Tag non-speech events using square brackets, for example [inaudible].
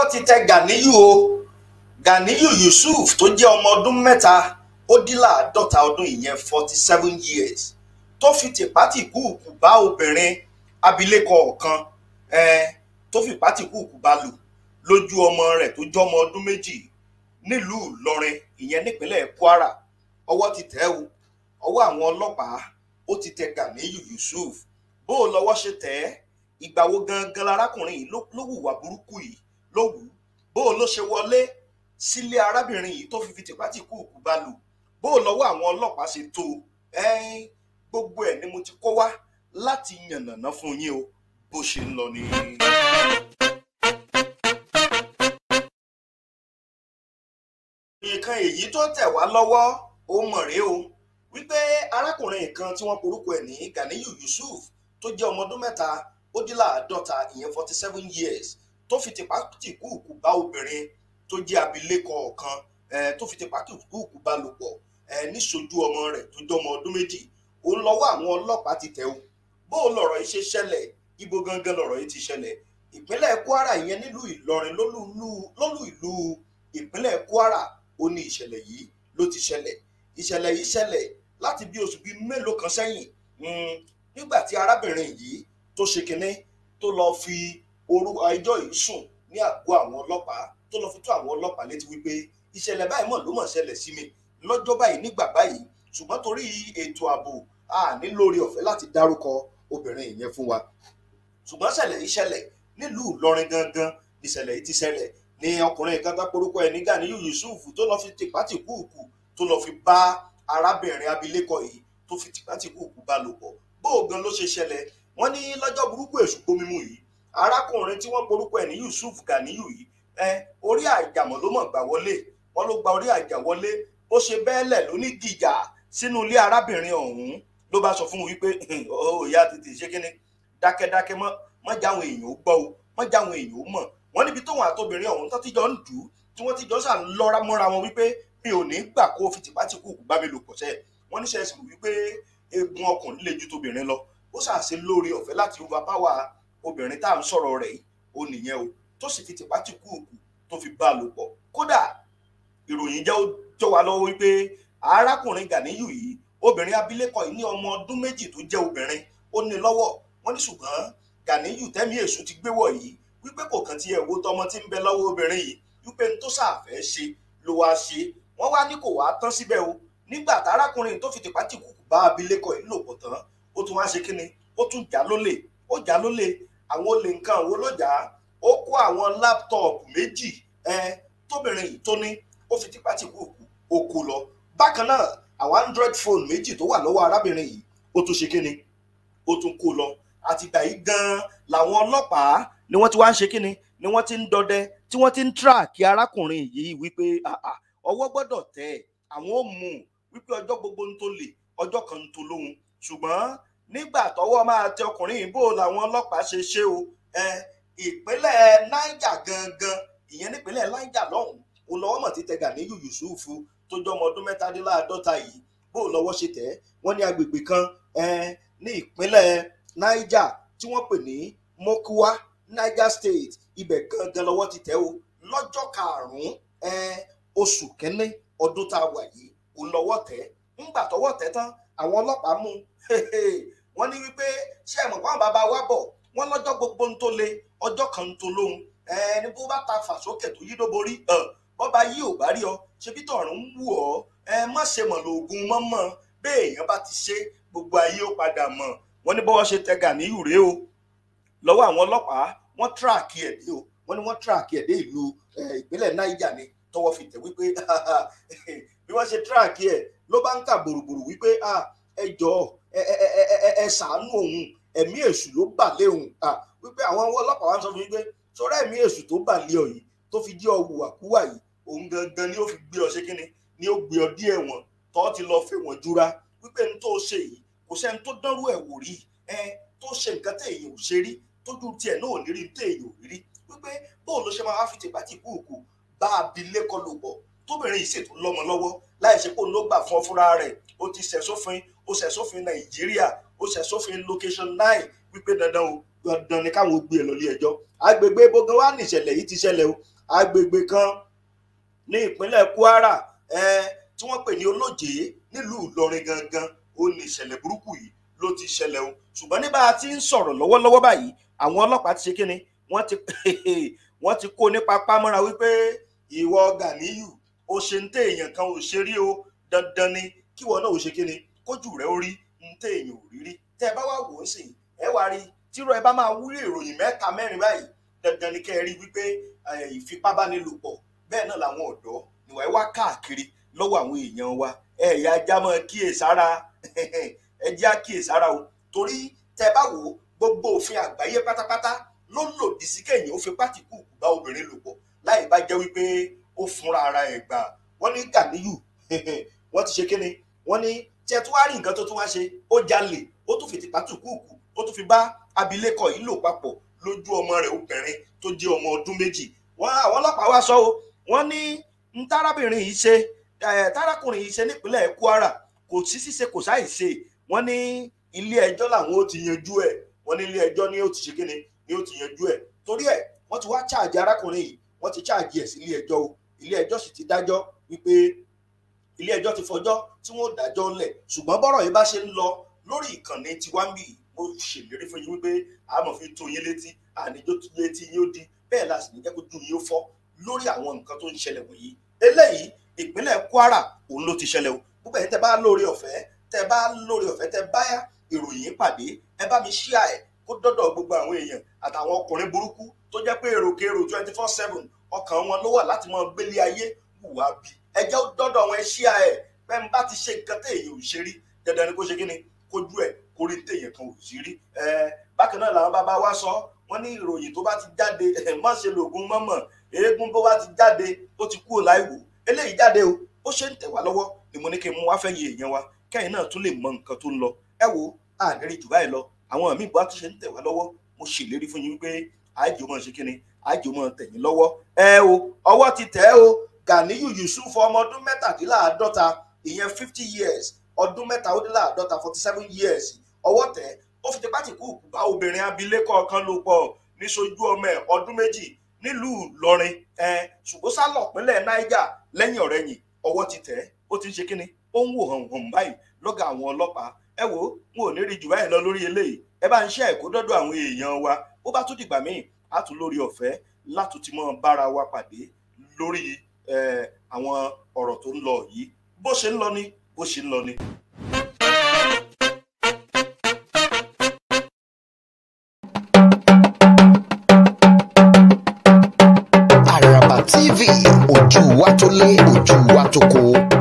ọwọ́ ti tẹ Ganiyu o Ganiyu Yusuf tó jẹ́ ọmọ ọdún mẹ́ta ó dín láàádọ́ta ọdún ìyẹn forty seven years tó fi tìpátìkúùkù bá obìnrin abilékọ ọ̀kan eh, tó fi pátìkúùkù bá lò lójú ọmọ rẹ̀ tó jọmọ ọdún méjì nílùú Ìlọrin ìyẹn nípínlẹ̀ Kwara ọwọ́ ti tẹ̀ o ọwọ́ àwọn ọlọ́pàá ó ti tẹ Ganiyu Yusuf bó o lọ́wọ́ ṣe tẹ̀ ẹ́ wo gangan larákùnrin yìí ló wùwà burúkú yìí lówù bó o ló ṣe wọlé sílé arábìnrin yìí tó fi fi tìpátìkú òkú bá lù bó o lọ́wọ́ àwọn ọlọ́pàá ṣe tó ẹ̀ẹ́n gbogbo ẹ̀ ni mo ti kó wá láti yànnàná fún yín o bó ṣe ń lọ ni. nǹkan èyí tó tẹ̀ wá lọ́wọ́ ó mọ̀ rèé o wípé arákùnrin kan tí wọ́n porúkọ ẹ̀ ní Ganiyu Yusuf tó jẹ́ ọmọ ọdún mẹ́ta ó dín láàádọ́ta ìyẹn forty seven years tó fi tìpátìkúùkù bá obìnrin tó jẹ́ abilékọ ọ̀kan tó fi tìpátìkúùkù bá lò pọ̀ níṣojú ọmọ rẹ̀ tó jọmọ ọdún méjì ó lọ́wọ́ àwọn ọlọ́pàá ti tẹ̀ o bó lọ̀rọ̀ yìí ṣe ṣẹlẹ̀ ibo gangan lọ̀rọ̀ yìí ti ṣẹlẹ̀ ìpínlẹ̀ Kwara ìyẹn nílùú Ìlọrin lólú ìlú ìpínlẹ̀ Kwara ó ní ìṣẹ̀lẹ̀ yìí ló ti ṣẹlẹ̀ ìṣẹ̀lẹ̀ yìí ṣẹlẹ̀ láti bí oṣù bíi mélòó kan sẹ́yìn hmm, nígbà tí arábìnrin yìí tó ṣe kinní tó lọ fi orúkọ ẹjọ́ yìí sùn ní àgọ́ àwọn ọlọ́pàá tó lọ fi tó àwọn ọlọ́pàá létí wípé ìṣẹ̀lẹ̀ báyìí mọ̀ ló mọ̀ ṣẹlẹ̀ sí mi lọ́jọ́ báyìí nígbà báyìí ṣùgbọ́n torí ètò ààbò a ní lórí ọ̀fẹ́ láti dárúkọ obìnrin yẹn fún wa ṣùgbọ́n ṣẹlẹ̀ ìṣẹ̀lẹ̀ nílùú Ìlọrin gangan ìṣẹ̀lẹ̀ yìí ti ṣẹlẹ̀ ní ọkùnrin kan tó porúkọ ẹ̀ ní Gani Yusuf tó lọ fi tìpátìkúùkù tó lọ fi bá arábìnrin abilékọ yìí tó fi tìpátìkúùkù bá lò pọ̀ bóògan ló ṣe ṣẹlẹ̀ wọ́n ní lọ́jọ́ burúkú èṣù gbómímù yìí arákùnrin tí wọ́n porúkọ ẹ̀ ní Yusuf Ganiyu yìí ẹ orí àjàmọ̀ ló mọ̀ gbà wọlé wọ́n ló gba orí àjà wọlé ó ṣe bẹ́ẹ̀lẹ̀ ló ní dìjà sínú ilé arábìnrin ọ̀hún ló bá sọ fún un wípé ìyá tètè ṣé kíni dákẹ́dákẹ́ mọ́ mọ́ jáwọn èèyàn ó gbọ́ o mọ́ jáwọn èèyàn ó mọ̀ wọ́n níbi tóun àtobìnrin ọ̀hún tó ti jọ ń dù ú tí wọ́n ti jọ sàn lọ́ra mọ́ra wọn wípé mi ò ní gbà kó fi tìpátìkù bá mi lò pọ̀ sẹ́ wọ́n níṣẹ́ sì wípé egun ọkùnrin lè ju tobìnrin lọ ó ṣàṣe lórí ọ̀fẹ́ láti overpower obìnrin tá à ń sọ̀rọ̀ rẹ̀ yìí ó nìyẹn o tó sì fi tipa ti kú òkú tó fi bá a lò pọ̀ kódà ìròyìn jẹ́ ó jọ wá lọ́wọ́ wípé arákùnrin Ganiyu yìí obìnrin abilékọ yìí ní ọmọ ọdún méjì tó jẹ́ obìnrin ó ní lọ́wọ́ wọ́n ní ṣùgbọ́n Ganiyu tẹ́mi èṣù ti gbéwọ̀ yìí wípé kò kàn ti ẹ̀ wo tọmọ tí ń bẹ lọ́wọ́ obìnrin yìí wípé n tó sàfẹ́ ṣe ló wá ṣe wọ́n wá ní kò wá tán síbẹ̀ o nígbà tárákùnrin tó fi tìpátìkù bá abilékọ yìí lò pọ̀ tán ó tún wá ṣe kíni ó tún já ó já àwọn olè nǹkan àwọn olójà ó kó àwọn láptọ̀pù méjì tóbìnrin yìí tó ní ó fi tipa ti kú òkú lọ bákan náà àwọn android phone méjì tó wà lọ́wọ́ arábìnrin yìí ó tún ṣe kíni ó tún kó lọ àtìgbà yìí gan-an làwọn ọlọ́pàá ni wọ́n ti wá ń ṣe kíni ni wọ́n ti ń dọdẹ tí wọ́n ti ń tíráàkì arákùnrin yìí wípé ọwọ́ gbọ́dọ̀ tẹ̀ àwọn ò mú wípé ọjọ́ gbogbo ń tó lè ọjọ́ kan ń tó lóhun ṣùgbọ́n nígbà tọ́wọ́ máa tẹ ọkùnrin ìbò làwọn ọlọ́pàá ṣe ṣe o ẹ ìpínlẹ̀ niger gangan ìyẹn nípínlẹ̀ niger lọ́hùn ún lọ́wọ́ mọ̀ ti tẹ Ganiyu Yusuf tó jọmọ ọdún mẹ́tàdínláàádọ́ta yìí bó lọ́wọ́ ṣe tẹ̀ wọ́n ní agbègbè kan ní ìpínlẹ̀ niger tí wọ́n pè ní mokuwa niger state ibẹ̀ gangan lọ́wọ́ ti tẹ̀ o lọ́jọ́ karùn-ún oṣù kẹ́ni ọdún tá a wà yìí ò lọ́wọ́ tẹ̀ ńgbà tọ́wọ́ tẹ̀ tán àwọn ọlọ́pàá mú [laughs] wọ́n ní wípé ṣé ẹ mọ̀ káwọn bàbá wa bọ̀ wọ́n lọ́jọ́ gbogbo ń tó le ọjọ́ kan ń tó lóhun ẹni bó bá ta fà sókè tó yí dóborí bọ́ba yí ò bá rí ọ ṣebí tọ̀run ń wù ọ́ ẹ má ṣe mọ̀ lóògùn mọ́mọ́ bẹ́ẹ̀ èèyàn bá ti ṣe gbogbo ayé ó padà mọ̀ wọ́n ní bọ́wọ́ ṣe tẹ Gàníyù rèé o lọ́wọ́ àwọn ọlọ́pàá wọ́n tíráàkì ẹ̀ dé o wọ́n ní wọ́n tíráàkì ẹ̀ dé ìlú ìpínlẹ̀ Niger ni tọwọ́ fi tẹ̀ wípé [laughs] bí wọ́n ṣe tíráàkì ẹ̀ ló bá ń kà bòròbòrò wípé ẹ ẹ ṣàánú òun ẹ̀mí èṣù ló bà lé òun wípé àwọn ọlọ́pàá wa ń sọ fún mi pé sọ́rọ́ ẹ̀mí èṣù tó bà lé ọ yìí tó fi jẹ́ ọ wùwàkúwà yìí òun gangan ni ó fi gbé ọ ṣe kínní ni ó gbé ọ dí ẹ̀wọ̀n tó ti lọ fẹ̀wọ̀n jura wípé ní tó ṣe yìí kò sẹ́ni tó dánrú ẹ̀ wò rí ẹ tó ṣe nǹkan téèyàn ò ṣe rí tójú tiẹ̀ náà ò ní rí téèyàn ò rí wípé bóun ṣe máa fi tìpátìkú òkú bá abilékọ lò pọ̀ tóbìnrin yìí lọ́mọ lọ́wọ́ láì ṣe pò ló gbà fún ọ fúnra rẹ̀ ó ti ṣẹ̀ sófin ó ṣẹ̀ sófin nàìjíríà ó ṣẹ̀ sófin location nine wípé dandan o dandan ni káwọn gbé e lọ ilé ẹjọ́ agbègbè bogan wa ní ìṣẹ̀lẹ̀ yìí ti ṣẹlẹ̀ o agbègbè kan ní ìpínlẹ̀ kwara tí wọ́n pè ní olóje nílùú ìlọrin gangan ó ní ìṣẹ̀lẹ̀ burúkú yìí ló ti ṣẹlẹ̀ o ṣùgbọ́n ní bá a ti ń sọ̀rọ̀ lọ́wọ́lọ́wọ́ báyìí àwọn ọlọ́pàá ti ṣe kí ni wọ́n ti [laughs] wọ́n ti kó nípa pámọ́ra wípé ìwọ Ganiyu o ṣe ń tẹ èèyàn kan ò ṣe rí o dandan ni kíwọ náà ò ṣe kíni kójú rẹ ó rí ń tẹ èèyàn ò rí rí tẹ ẹ bá wà wò ó sì ẹ wá rí tírọ ẹ bá máa wúlò ìròyìn mẹ́ta mẹ́rin báyìí dandan ni kẹ ẹ rí wípé ìfipábánilòpọ̀ bẹ́ẹ̀ náà làwọn ọ̀dọ́ níwà ẹ wá káàkiri lọ́wọ́ àwọn èèyàn wa ẹ ẹ̀yà ajá máa kíyèsára ẹ jẹ́ àkíyèsára o torí tẹ bá wò ó gbogbo òfin àgbáyé pátápátá ló lòdì sí kéèyàn ó fi pátìkù bá obìnrin lò láì bá jẹ́ wípé ó fúnra ara ẹ̀ gbà wọ́n ní Gàníyù [laughs] wọ́n ti ṣe kíni wọ́n ní tí ẹ tún wá rí nǹkan tó tún wá ṣe ó jalè ó tún fi tìpátù kúùkù ó tún fi bá abilékọ yìí lò papọ̀ lójú ọmọ rẹ̀ obìnrin tó jẹ́ ọmọ ọdún méjì wọ́n àwọn ọlọ́pàá wá sọ o wọ́n ní n tárábìnrin yìí ṣe tárákùnrin yìí ṣe nípínlẹ̀ Kwara kò sí ṣíṣe kò sáì ṣe wọ́n ní ilé ẹjọ́ làwọn ó ti yanjú ẹ̀ wọ́n ní ilé ẹjọ́ ni ó ti ṣe kíni ni ó ti yanjú ẹ̀ torí ẹ̀ wọ́n ti wá ṣáàjì arákùnrin yìí wọ́n ti ṣáàjì ẹ̀ sí ilé ẹjọ́ ilé ẹjọ́ sì ti dájọ́ wípé ilé ẹjọ́ ti fọjọ́ tí wọ́n dájọ́ ńlẹ̀ ṣùgbọ́n bọ́rọ̀ yìí bá ṣe ń lọ lórí ìkànnì tiwa ń bì mo ṣèlérí fún yín wípé àmọ́ fi tó yín létí àníjó tó létí yín ó di bẹ́ẹ̀ la sì ní jẹ́ kó ju yín ó fọ́ lórí àwọn nǹkan tó ń ṣẹlẹ̀ wọ̀nyí eléyìí ìpínlẹ̀ Kwara òun ló ti ṣẹlẹ̀ o gbogbo ẹ̀yin tẹ́ bá lórí ọ̀fẹ́ tẹ́ bá lórí ọ̀fẹ́ tẹ́ bá ìròyìn pàdé ẹ bá mi ṣíà ẹ̀ kó dọ́dọ̀ gbogbo àwọn èèyàn àtàwọn ọkùnrin burúkú tó jẹ́ pé èròkèrò twenty four seven ọkàn wọn ló wà láti máa gbélé ayé wùwà bí ẹjẹ́ dọ́dọ̀ wọn ṣíà ẹ̀ bẹ́ẹ̀ ń bá ti ṣe nǹkan téèyàn ò ṣe rí dandan ni kó ṣe kí ni kójú ẹ̀ kó rí téèyàn kan ò sí rí bákan náà làwọn bàbá wa sọ wọn ní ìròyìn tó bá ti jáde má ṣe lògùn mọ́mọ́ eégún bó bá ti jáde ó ti kúrò láìwò eléyìí jáde o ó ṣe ń tẹ̀ wá lọ́wọ́ ni mo ní kí n mú wá fẹ́yìn èèyàn wa kẹ́yìn náà tún lè mọ nǹkan tó ń lọ ẹ wo àárín báyìí lọ àwọn míì bá tún ṣe ń tẹ̀ wá lọ́wọ́ mo ṣèlérí fún yín pé àjò mọ̀ ṣe kíni àjò mọ̀ tẹ̀yìn lọ́wọ́ ẹ o ọwọ́ ti tẹ̀ ẹ́ o Ganiyu Yusuf ọmọ ọdún mẹ́tàdínláàádọ́ta ìyẹn fifty years ọdún mẹ́ta ó dín láàádọ́ta forty seven years ọwọ́ tẹ̀ ó fi tipá tì kú bá obìnrin abilékọ kan ló pọ̀ níṣojú ọmọ ẹ̀ ọdún méjì nílùú Ìlọrin ẹ ṣùgbọ́n sálọ̀ pínlẹ̀ Niger lẹ́yìn ọ̀rẹ́yìn ọwọ́ ti tẹ̀ ó ti ń ṣe kíni ó ń wò hàn hàn báyìí lọ́gà àwọn ọlọ́pàá ẹ wo n ò ní rí jù báyìí lọ lórí eléyìí ẹ bá ń ṣe ẹ̀kọ́ dọ́dọ̀ àwọn èèyàn wa bó bá tún dìgbà míì á tún lórí ọ̀fẹ́ látùtì mọ́ bára wa pàdé lórí àwọn ọ̀rọ̀ tó ń lọ yìí bó ṣe ń lọ ni bó ṣe ń lọ ni. Àràbà TV ojú wa tó lé ojú wa tó kó.